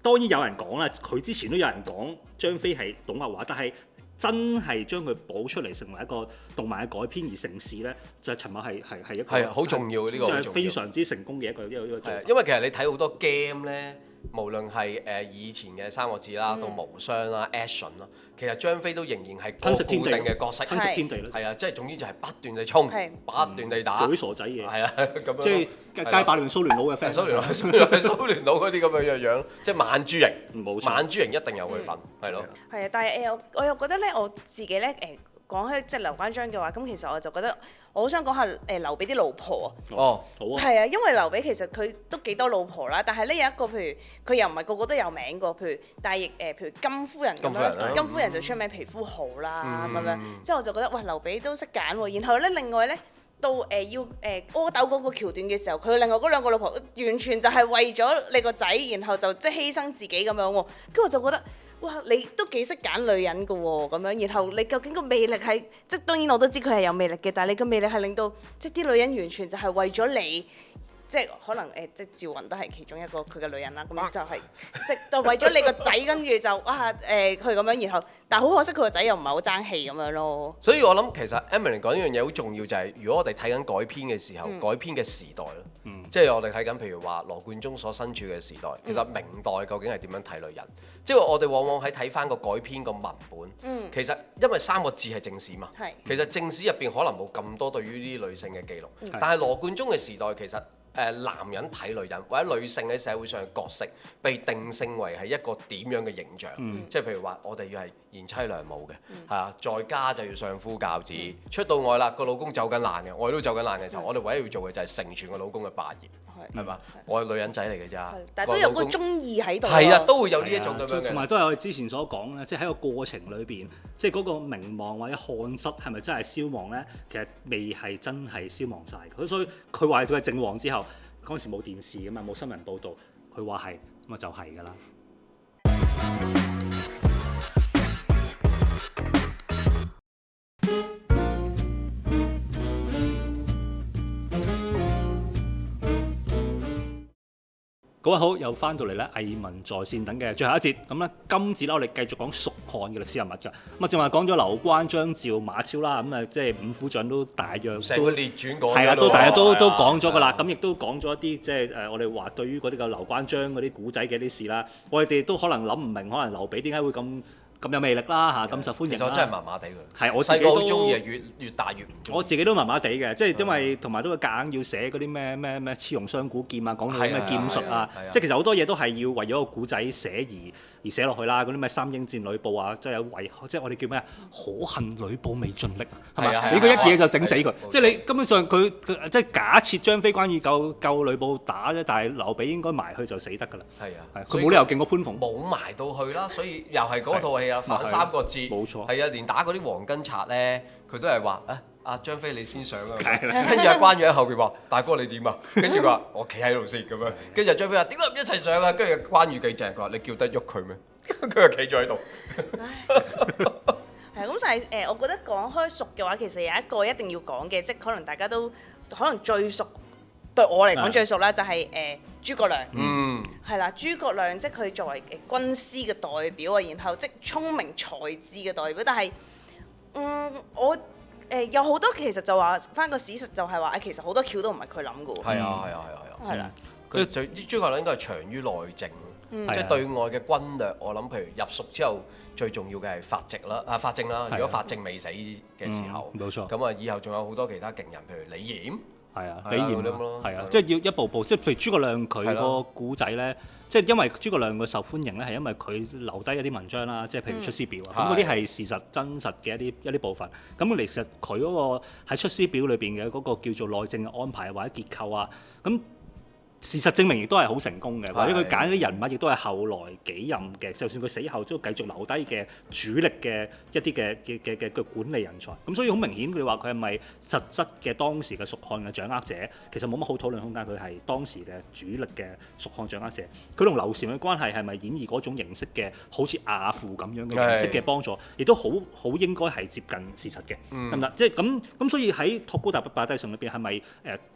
當然有人講啦，佢之前都有人講張飛係懂畫畫，但係真係將佢補出嚟成為一個動漫嘅改編而成事咧，就陳某係係係一個係好重要嘅呢個，就係、非常之成功嘅一個一個一個。因為其實你睇好多 game 咧。無論係誒以前嘅三國志啦，到無雙啦、Action 啦，其實張飛都仍然係吞食天地嘅角色，吞食天地。係啊，即係總之就係不斷地衝，不斷地打，做啲傻仔嘢，係啊，咁即係街霸亂蘇聯佬嘅 friend，蘇聯佬、蘇聯佬嗰啲咁嘅樣，即係猛豬型，猛豬型一定有佢份，係咯。係啊，但係誒，我又覺得咧，我自己咧誒。講開即係劉關張嘅話，咁其實我就覺得，我好想講下誒劉備啲老婆啊。哦，好。啊，係啊，因為劉備其實佢都幾多老婆啦，但係呢，有一個譬如佢又唔係個個都有名個，譬如但係亦誒譬如甘夫人咁樣，甘夫，啊、甘夫人就出名、嗯、皮膚好啦，咁樣、嗯。之後我就覺得，喂，劉備都識揀喎。然後咧，另外咧，到誒、呃、要誒阿、呃呃、斗嗰個橋段嘅時候，佢另外嗰兩個老婆完全就係為咗你個仔，然後就即係犧牲自己咁樣喎、啊。跟住我就覺得。哇！你都幾識揀女人㗎喎，咁樣，然後你究竟個魅力係，即係當然我都知佢係有魅力嘅，但係你個魅力係令到，即係啲女人完全就係為咗你。即係可能誒，即係趙雲都係其中一個佢嘅女人啦。咁樣就係即係為咗你個仔，跟住就哇誒佢咁樣，然後但係好可惜，佢個仔又唔係好爭氣咁樣咯。所以我諗其實 Emily 講呢樣嘢好重要，就係如果我哋睇緊改編嘅時候，改編嘅時代咯，即係我哋睇緊譬如話羅貫中所身處嘅時代，其實明代究竟係點樣睇女人？即係我哋往往喺睇翻個改編個文本，其實因為三國志係正史嘛，其實正史入邊可能冇咁多對於呢啲女性嘅記錄，但係羅貫中嘅時代其實。男人睇女人或者女性喺社會上嘅角色，被定性為係一個點樣嘅形象？嗯、即係譬如話，我哋要係賢妻良母嘅，係啊、嗯，在家就要相夫教子，嗯、出到外啦，個老公走緊難爛嘅，我哋都走緊爛嘅時候，嗯、我哋唯一要做嘅就係成全個老公嘅霸業。係嘛，啊、我係女人仔嚟嘅咋，但係都有個中意喺度，係啊，都會有呢一種咁樣，同埋都係我哋之前所講咧，即係喺個過程裏邊，即係嗰個名望或者漢室係咪真係消亡咧？其實未係真係消亡晒嘅，所以佢話佢係靖王之後，嗰陣時冇電視咁嘛，冇新聞報導，佢話係，咁啊就係㗎啦。 各位好，又翻到嚟咧《藝文在線等》等嘅最後一節，咁、嗯、咧今次咧我哋繼續講蜀漢嘅歷史人物㗎。咁啊，正話講咗劉關張趙馬超啦，咁、嗯、啊即係五虎將都大約都個列傳過的，係都大約都的都講咗㗎啦。咁亦的、嗯、都講咗一啲即係誒、呃、我哋話對於嗰啲嘅劉關張嗰啲古仔嘅啲事啦，我哋都可能諗唔明，可能劉備點解會咁。咁有魅力啦嚇，咁受歡迎啦，其實真係麻麻地㗎。係我自己都，中意越越大越。我自己都麻麻地嘅，即係因為同埋都會夾硬要寫嗰啲咩咩咩雌雄雙股劍啊，講嗰啲咩劍術啊，即係其實好多嘢都係要為咗個古仔寫而而寫落去啦。嗰啲咩三英戰呂布啊，即係有為即係我哋叫咩啊？可恨呂布未盡力，係咪？你佢一嘢就整死佢，即係你根本上佢即係假設張飛關羽救救呂布打啫，但係劉備應該埋去就死得㗎啦。係啊，佢冇理由勁過潘鳳，冇埋到去啦，所以又係嗰套戲。反三個字，冇錯。係啊，連打嗰啲黃巾賊咧，佢都係話啊，阿張飛你先上啊，跟住阿關羽喺後邊話：大哥你點啊？跟住佢話我企喺度先咁樣。跟住阿張飛話點解唔一齊上啊？跟住關羽幾正？佢話你叫得喐佢咩？佢又企咗喺度。係咁就係誒，我覺得講開熟嘅話，其實有一個一定要講嘅，即係可能大家都可能最熟。 對我嚟講最熟啦，就係誒諸葛亮，係啦，諸葛亮即係佢作為軍師嘅代表啊，然後即係聰明才智嘅代表。但係，嗯，我誒、呃、有好多其實就話翻個史實、就是，就係話其實好多橋都唔係佢諗嘅喎。係啊，係、嗯、啊，係啊，係啦、啊。啊、即係是最諸葛亮應該係長於內政，即係、嗯、對外嘅軍略。我諗譬如入蜀之後，最重要嘅係法正啦啊，法正啦。如果法正未死嘅時候，冇錯。咁啊，嗯、以後仲有好多其他勁人，譬如李嚴。係啊，起義咁咯。係啊，即係要一步步，即係譬如諸葛亮佢個古仔咧，即係的因為諸葛亮嘅受歡迎咧，係因為佢留低一啲文章啦，即係譬如出師表啊，咁嗰啲係事實真實嘅一啲一啲部分。咁其實佢嗰個喺出師表裏邊嘅嗰個叫做內政嘅安排或者結構啊，咁。事實證明亦都係好成功嘅，或者佢揀啲人物亦都係後來幾任嘅，的就算佢死後都繼續留低嘅主力嘅一啲嘅嘅嘅嘅嘅管理人才。咁所以好明顯，佢話佢係咪實質嘅當時嘅蜀漢嘅掌握者，其實冇乜好討論空間。佢係當時嘅主力嘅蜀漢掌握者。佢同劉禪嘅關係係咪演義嗰種形式嘅，好似亞父咁樣嘅形式嘅幫助，亦的都好好應該係接近事實嘅，係咪、嗯？即係咁咁，所以喺託孤大不拜低上裏邊係咪誒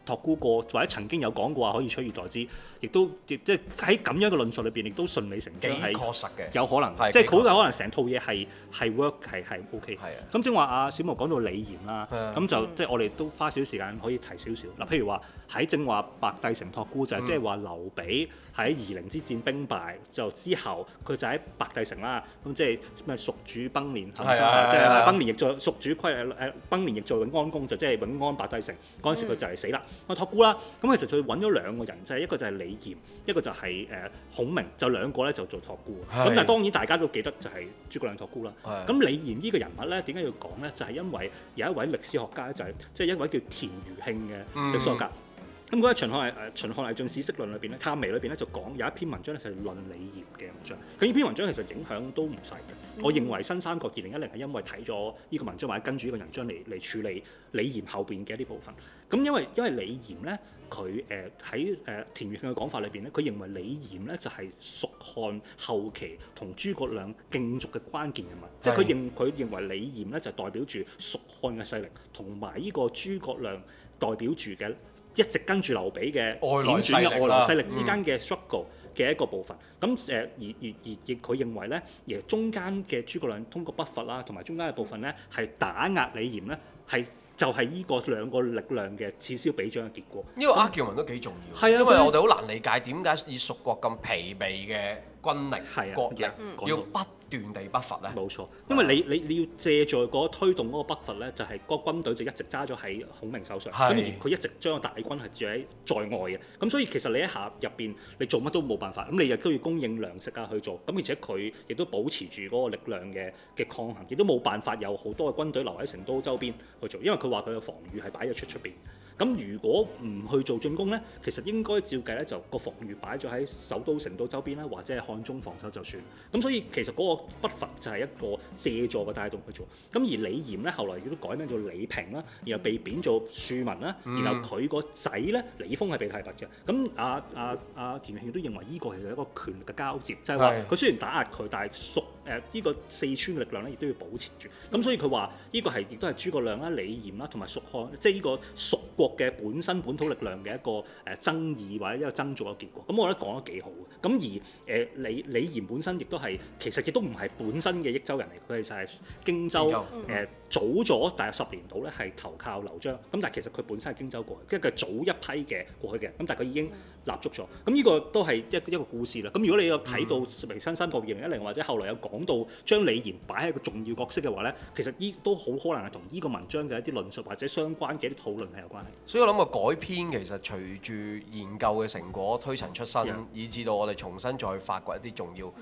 託孤過或者曾經有講過話可以出現？代之亦都即係喺咁樣嘅論述裏邊，亦都順理成章係幾確實嘅，有可能，是即係好有可能成套嘢係係 work 係係 OK。咁正話阿小毛講到李嚴啦，咁的就、嗯、即係我哋都花少時間可以提少少嗱，譬如話喺正話白帝城託孤就係即係話劉備。嗯喺夷陵之戰兵敗就之後，佢就喺白帝城啦。咁即係咩？蜀主崩年，即係、啊嗯、崩年亦在蜀主窺誒、呃、崩年亦在永安宮，就即、是、係永安白帝城嗰陣時，佢、嗯、就係死啦。託孤啦，咁其實佢揾咗兩個人，就係、是、一個就係李嚴，一個就係、是、誒、呃、孔明，就兩個咧就做託孤。咁是但係當然大家都記得就係諸葛亮託孤啦。咁是李嚴呢個人物咧，點解要講咧？就係、是、因為有一位歷史學家就係即係一位叫田餘慶嘅嘅歷史學家。嗯咁嗰個《秦漢》係、呃、誒《秦漢魏晉史識論》裏邊咧，《探微》裏邊咧就講有一篇文章咧，就係論李嚴嘅文章。咁呢篇文章其實影響都唔細嘅。我認為《新三國》二零一零係因為睇咗呢個文章或者跟住呢個文章嚟嚟處理李嚴後邊嘅一啲部分。咁、嗯嗯嗯、因為因為李嚴咧，佢誒喺誒田餘慶嘅講法裏邊咧，佢認為李嚴咧就係、是、蜀漢後期同諸葛亮競逐嘅關鍵人物是的，即係佢認佢認為李嚴咧就是、代表住蜀漢嘅勢力，同埋呢個諸葛亮代表住嘅。一直跟住劉備嘅輾轉嘅外來勢力之間嘅 struggle 嘅、嗯、一個部分，咁誒而而而亦佢認為咧，而中間嘅諸葛亮通過北伐啦，同埋中間嘅部分咧係打壓李嚴咧，係就係、是、呢個兩個力量嘅此消彼長嘅結果。因為 argument 都幾重要，啊，因為我哋好難理解點解以蜀國咁疲憊嘅軍力、啊、國力、嗯、要北斷地北伐咧，冇錯，因為你你你要借助嗰推動嗰個北伐咧，就係、是、嗰個軍隊就一直揸咗喺孔明手上，咁是而佢一直將大軍係置喺在外嘅，咁所以其實你喺下入邊，你做乜都冇辦法，咁你亦都要供應糧食啊去做，咁而且佢亦都保持住嗰個力量嘅嘅抗衡，亦都冇辦法有好多嘅軍隊留喺成都周邊去做，因為佢話佢嘅防禦係擺咗出出邊。咁如果唔去做進攻呢，其實應該照計呢，就個防禦擺咗喺首都成都周邊啦，或者係漢中防守就算。咁所以其實嗰個北伐就係一個藉助嘅帶動去做。咁而李嚴呢，後來亦都改名做李平啦，然後被貶做庶民啦，嗯、然後佢個仔呢，李峰係被提拔嘅。咁阿阿阿田旭都認為呢個其實一個權力嘅交接，就係話佢雖然打壓佢，是但係屬。誒呢、呃這個四川嘅力量咧，亦都要保持住。咁所以佢話：呢、這個係亦都係諸葛亮啦、李豔啦，同埋蜀漢，即係呢個蜀國嘅本身本土力量嘅一個誒、呃、爭議或者一個爭做嘅結果。咁我覺得講得幾好。咁而誒、呃、李李嚴本身亦都係其實亦都唔係本身嘅益州人嚟，佢就係荊州誒。嗯呃早咗大約十年度咧，係投靠劉璋。咁但係其實佢本身係荊州過嚟，即係早一批嘅過去嘅。咁但係佢已經立足咗。咁、這、呢個都係一一個故事啦。咁如果你有睇到《魏新新譜》二零一零，或者後來有講到將李嚴擺喺一個重要角色嘅話咧，其實呢都好可能係同呢個文章嘅一啲論述或者相關嘅一啲討論係有關係。所以我諗個改編其實隨住研究嘅成果推陳出新，以至到我哋重新再發掘一啲重要，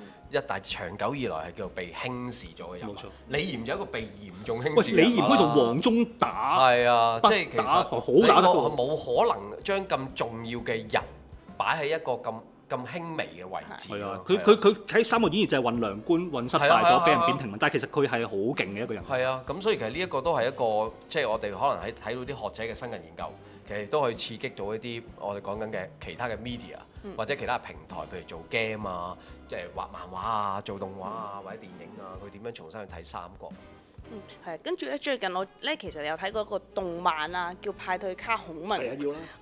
一大長久以來係叫做被輕視咗嘅人。冇錯錯，李嚴就一個被嚴重輕。喂，李嚴可以同黃忠打，係啊，即係其實呢個冇可能將咁重要嘅人擺喺一個咁咁輕微嘅位置。係啊，佢佢佢喺《三國演義》就係運糧官運失敗咗，俾人扁平化。但係其實佢係好勁嘅一個人。係啊，咁所以其實呢一個都係一個，即係我哋可能喺睇到啲學者嘅新近研究，其實都可以刺激到一啲我哋講緊嘅其他嘅 media 或者其他平台，譬如做 game 啊，即係畫漫畫啊、做動畫啊或者電影啊，佢點樣重新去睇《三國》。嗯，係，跟住咧最近我咧其實有睇過一個動漫啊，叫派對卡孔明，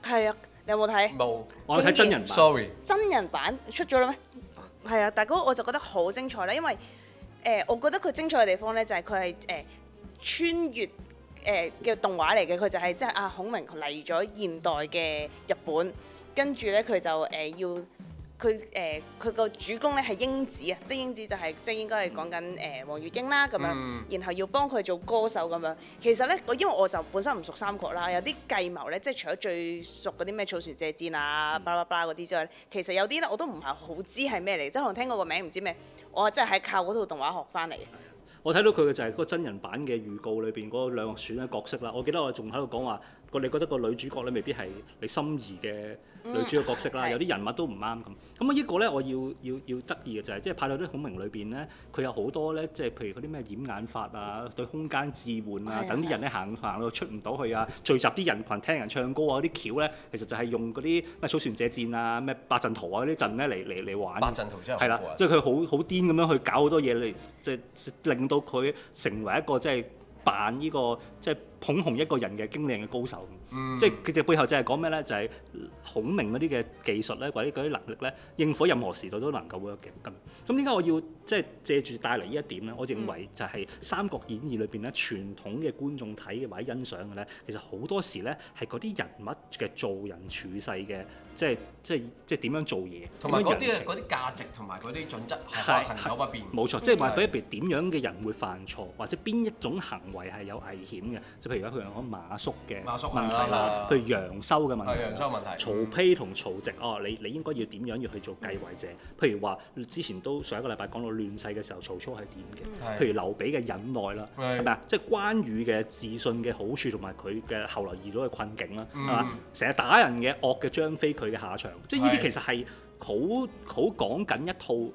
係啊，啊，你有冇睇？冇，我睇後真人版，sorry。真人版出咗啦咩？係啊，但係嗰個，我就覺得好精彩啦，因為誒、呃，我覺得佢精彩嘅地方咧就係佢係誒穿越誒嘅、呃、動畫嚟嘅，佢就係即係阿孔明嚟咗現代嘅日本，跟住咧佢就誒、呃、要。佢誒佢個主公咧係英子啊，即英子就係、係、即應該係講緊誒黃月英啦咁樣，嗯、然後要幫佢做歌手咁樣。其實咧，我因為我就本身唔熟三國啦，有啲計謀咧，即除咗最熟嗰啲咩草船借箭啊、巴拉巴拉嗰啲之外，其實有啲咧我都唔係好知係咩嚟，即可能聽過個名唔知咩，我係真係靠嗰套動畫學翻嚟嘅。我睇到佢嘅就係個真人版嘅預告裏邊嗰兩選嘅角色啦，我記得我仲喺度講話。個你覺得個女主角咧未必係你心儀嘅女主嘅角色啦，嗯、有啲人物都唔啱咁。咁啊，呢個咧我要要要得意嘅就係、是，即係派到啲孔明裏邊咧，佢有好多咧，即係譬如嗰啲咩掩眼法啊，對空間置換啊，等啲是的 人咧的行行到出唔到去啊，聚集啲人群聽人唱歌啊啲橋咧，其實就係用嗰啲咩草船借箭啊，咩八陣圖啊嗰啲陣咧嚟嚟嚟玩。八陣圖真係好啊！係啦，即係佢好好癲咁樣去搞好多嘢嚟，即係令到佢成為一個即係扮呢個即係。即捧紅一個人嘅經歷嘅高手，嗯、即係佢嘅背後就係講咩咧？就係孔明嗰啲嘅技術咧，或者嗰啲能力咧，應付任何時代都能夠嘅。咁咁點解我要即係借住帶嚟呢一點咧？嗯、我認為就係《三國演義》裏邊咧，傳統嘅觀眾睇或者欣賞嘅咧，其實好多時咧係嗰啲人物嘅做人處世嘅、即係即係，即係即係即係點樣做嘢，同埋嗰啲嗰啲價值同埋嗰啲準則係恆久不變。冇錯，即係話俾譬如點樣嘅人會犯錯，或者邊一種行為係有危險嘅。譬如而家佢講馬叔嘅問題啦，譬如楊修嘅問題，曹丕同曹植哦，你你應該要點樣要去做繼位者？嗯、譬如話之前都上一個禮拜講到亂世嘅時候，曹操係點嘅？嗯、譬如劉備嘅忍耐啦，係咪啊？即係、就是、關羽嘅自信嘅好處同埋佢嘅後來遇到嘅困境啦，係嘛、嗯？成日打人嘅惡嘅張飛佢嘅下場，嗯、即係呢啲其實係好好講緊一套誒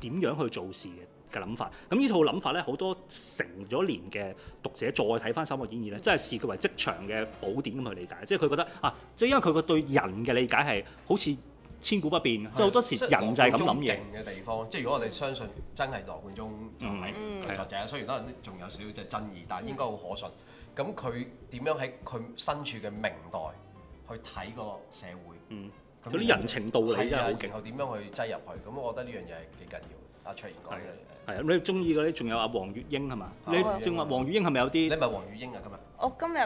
點樣去做事嘅。嘅諗法，咁呢套諗法咧，好多成咗年嘅讀者再睇翻《三國演義》咧，真係視佢為職場嘅寶典咁去理解，即係佢覺得啊，即係因為佢個對人嘅理解係好似千古不變，即係好多時人就係咁諗嘢。嘅地方，即係如果我哋相信真係羅貫中就係作者，雖然可能仲有少少即係爭議，但係應該好可信。咁佢點樣喺佢身處嘅明代去睇個社會？嗯，嗰啲人情道理真係好勁。然後點樣去擠入去？咁我覺得呢樣嘢係幾緊要。卓然哥，係係，你中意嗰啲仲有阿黃月英係嘛？你正話黃月英係咪有啲？你咪黃月英啊？今日我今日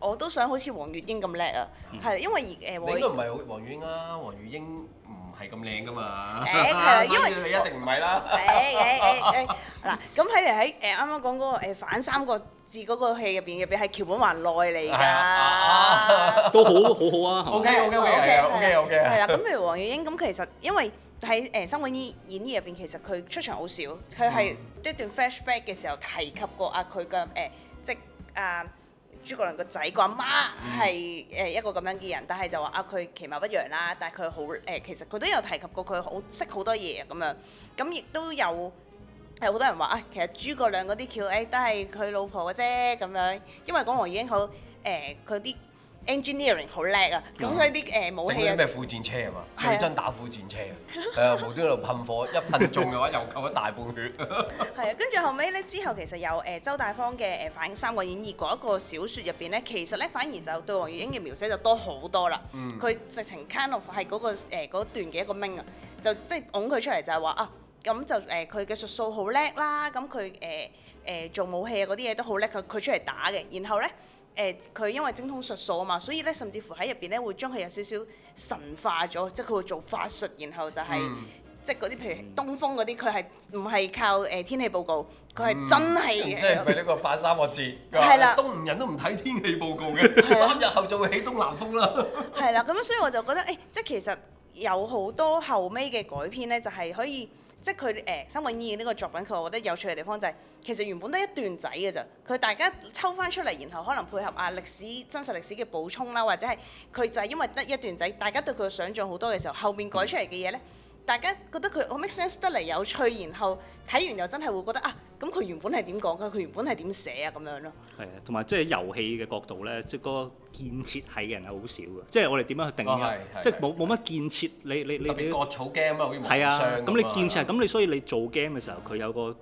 我都想好似黃月英咁叻啊！係因為誒，你都唔係黃月英啦，黃月英唔係咁靚噶嘛。係啊，因為你一定唔係啦。誒誒誒，嗱，咁喺嚟喺誒啱啱講嗰個誒反三國志嗰個戲入邊入邊係橋本環奈嚟㗎，都好好好啊。OK OK OK OK OK，係啦。咁譬如黃月英咁，其實因為。喺誒《三國、呃、演義》入邊，其實佢出場好少。佢係一段 flashback 嘅時候提及過啊，佢嘅誒即啊諸葛亮個仔個阿媽係誒一個咁樣嘅人，但係就話啊佢其貌不揚啦，但係佢好誒、呃，其實佢都有提及過佢好識好多嘢咁樣。咁亦都有有好多人話啊，其實諸葛亮嗰啲橋誒都係佢老婆嘅啫咁樣，因為講已經好《三國演義》好誒佢啲。engineering 好叻啊，咁、嗯、所以啲誒武器，咩虎戰車係嘛，象真打虎戰車，啊的，無端度噴火一噴中嘅話 又扣一大半血。係 啊，跟住後尾咧，之後其實有誒、呃、周大方嘅誒反映《三國演義》嗰、那、一個小説入邊咧，其實咧反而就對王月英嘅描寫就多好多啦。佢、嗯、直情 can up 係嗰個段嘅一個名、就是、啊，就即係捧佢出嚟就係話啊，咁就誒佢嘅術數好叻啦，咁佢誒誒做武器啊嗰啲嘢都好叻，佢佢出嚟打嘅，然後咧。誒佢因為精通術數啊嘛，所以咧甚至乎喺入邊咧會將佢有少少神化咗，即係佢會做法術，然後就係、是嗯、即係嗰啲譬如東風嗰啲，佢係唔係靠誒天氣報告，佢係真係、嗯、即係佢呢個反三國誌係啦，東吳人都唔睇天氣報告嘅，的三日後就會起東南風啦。係啦的，咁 所以我就覺得誒，即係其實有好多後尾嘅改編咧，就係可以。即係佢誒《三國演義》呢個作品，佢我覺得有趣嘅地方就係、是，其實原本得一段仔嘅咋。佢大家抽翻出嚟，然後可能配合啊歷史真實歷史嘅補充啦，或者係佢就係因為得一段仔，大家對佢嘅想像好多嘅時候，後面改出嚟嘅嘢呢。嗯大家覺得佢好 make sense 得嚟有趣，然後睇完又真係會覺得啊，咁佢原本係點講㗎？佢原本係點寫啊？咁樣咯。係啊，同埋即係遊戲嘅角度咧，即係個建設係嘅人係好少㗎。即係我哋點樣去定義？即係冇冇乜建設，你你你割草 game 啊，好似《無雙》咁。建設咁你，你的所以你做 game 嘅時候，佢有個。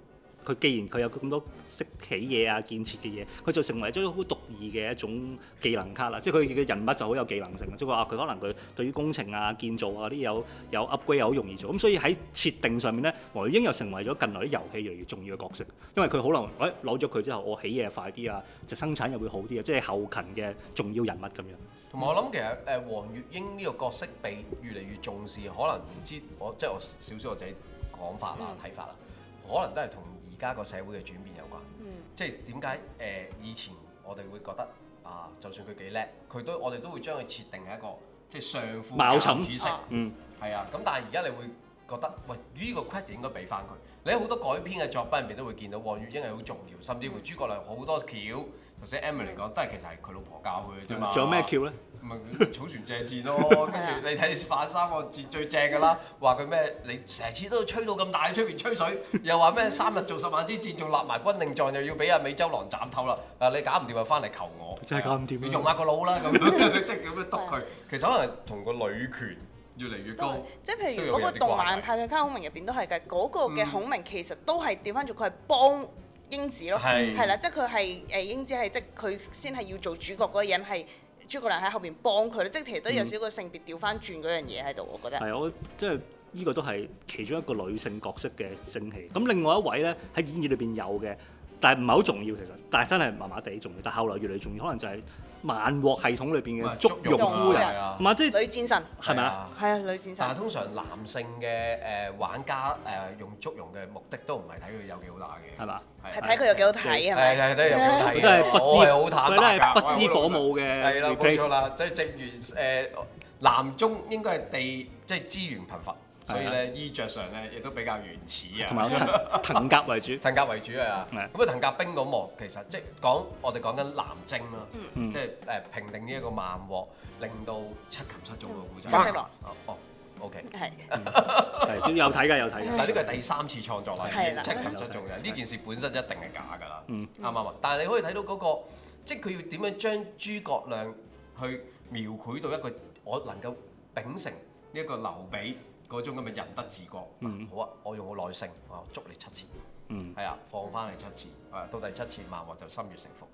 佢既然佢有咁多識起嘢啊、建設嘅嘢，佢就成為咗好獨異嘅一種技能卡啦。即係佢嘅人物就好有技能性，即係話佢可能佢對於工程啊、建造啊啲有有 upgrade 又好容易做。咁所以喺設定上面咧，黃月英又成為咗近來啲遊戲越嚟越重要嘅角色。因為佢可能，誒攞咗佢之後，我起嘢快啲啊，就生產又會好啲啊，即係後勤嘅重要人物咁樣。同埋我諗其實誒黃月英呢個角色被越嚟越重視，可能唔知我即係我少少我自己講法啦、睇法啦，可能都係同。而家個社會嘅轉變有關，嗯、即係點解？誒、呃，以前我哋會覺得啊，就算佢幾叻，佢都我哋都會將佢設定係一個即係上輔助角色。嗯，係啊。咁但係而家你會覺得，喂，呢、這個 credit 應該俾翻佢。你喺好多改編嘅作品入面都會見到，黃月英係好重要，甚至乎諸葛亮好多橋。嗯啊嗯即 Emily 嚟講，都係其實係佢老婆教佢嘅啫嘛。仲有咩橋咧？咪草、啊、船借箭咯、啊，跟住 你睇反三個字最正嘅啦。話佢咩？你成次都吹到咁大喺出邊吹水，又話咩三日做十萬支箭，仲立埋軍令狀，又要俾阿美周郎斬頭啦。啊，你搞唔掂咪翻嚟求我， 就係搞唔掂，用下個腦啦咁，即係咁樣督佢。其實可能同個女權越嚟越高。即係譬如嗰、嗰個動漫《派對卡孔明》入邊都係嘅，嗰個嘅孔明其實都係調翻住佢係幫、嗯。英子咯，係啦是，即係佢係誒英子係即佢先係要做主角嗰個人，係諸葛亮喺後邊幫佢咯，即係其實都有少個性別調翻轉嗰樣嘢喺度，我覺得係、嗯、我即係呢、呢個都係其中一個女性角色嘅升起。咁另外一位咧喺演義裏邊有嘅，但係唔係好重要其實，但係真係麻麻地重要，但係後來越嚟越重要，可能就係、是。孟獲系統裏邊嘅祝融夫人，唔係即係女戰神，係咪啊？係啊，女戰神。但係通常男性嘅誒玩家誒用祝融嘅目的都唔係睇佢有幾好打嘅，係咪啊？係睇佢有幾好睇，係咪？係係都係，都係不知火舞嘅。係啦，冇錯啦。即係正如誒南中應該係地，即係資源貧乏。所以咧衣着上咧亦都比較原始啊，同埋藤甲為主，藤甲為主啊！ 咁啊藤甲兵嗰幕其實即係講我哋講緊南征啦，即係誒平定呢一個孟獲，令到七擒七縱嘅故仔。七,七、啊、哦，O K，係係有睇㗎有睇， 但係呢個係第三次創作啦， 七擒七縱嘅呢件事本身一定係假㗎啦，啱唔啱啊？但係你可以睇到嗰、嗰個即係佢要點樣將諸葛亮去描繪到一個我能夠秉承呢一個劉備。個種咁嘅仁德治國，嗯、好啊！我用好耐性，啊，捉你七次，係、嗯、啊，放翻你七次，啊，到第七次孟獲就心悅誠服。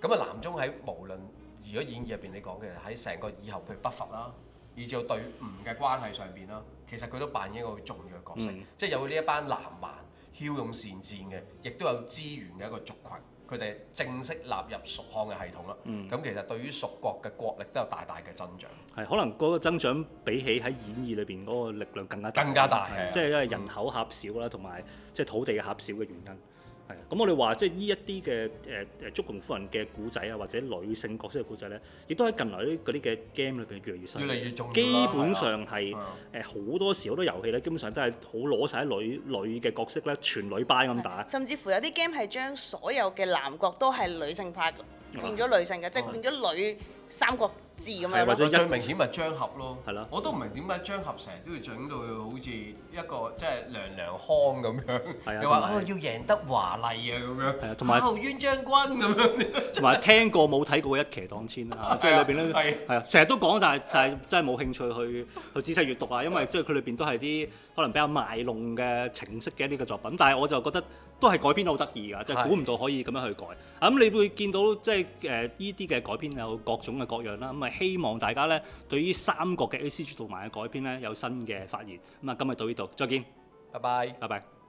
咁啊，南中喺無論如果演義入邊你講嘅，喺成個以後譬如北伐啦，以至到對吳嘅關係上邊啦，其實佢都扮演一個好重要嘅角色，嗯、即係有呢一班南蠻，驍勇善戰嘅，亦都有資源嘅一個族群。佢哋正式納入蜀漢嘅系統啦，咁、嗯、其實對於蜀國嘅國力都有大大嘅增長。係，可能嗰個增長比起喺演義裏邊嗰個力量更加更加大，即係因為人口狹小啦，同埋即係土地嘅狹小嘅原因。咁、嗯、我哋話即係呢一啲嘅誒誒祝融夫人嘅古仔啊，或者女性角色嘅古仔咧，亦都喺近來啲嗰啲嘅 game 裏邊越嚟越細，越嚟越重。基本上係誒好多時好多遊戲咧，基本上都係好攞晒女女嘅角色咧，全女班咁打。甚至乎有啲 game 係將所有嘅男角都係女性化。變咗女性嘅，即係變咗女《三國志》咁樣咯。或者最明顯咪張合咯？係咯。我都唔明點解張合成日都要整到佢好似一個即係娘娘腔咁樣。係啊。又話啊要贏得華麗啊咁樣。係啊，同埋。馬後冤將軍咁樣。同埋聽過冇睇過嘅《一騎當千》啊，即係裏邊咧係啊，成日都講，但係但係真係冇興趣去去仔細閲讀啊，因為即係佢裏邊都係啲可能比較賣弄嘅情色嘅呢個作品，但係我就覺得。都係改編到好得意㗎，即係估唔到可以咁樣去改。咁是、嗯、你會見到即係誒依啲呢啲嘅改編有各種嘅各樣啦。咁、嗯、啊，希望大家咧對於三國嘅 ACG 動漫嘅改編咧有新嘅發現。咁、嗯、啊，嗯、今日到呢度，再見，拜拜，拜拜。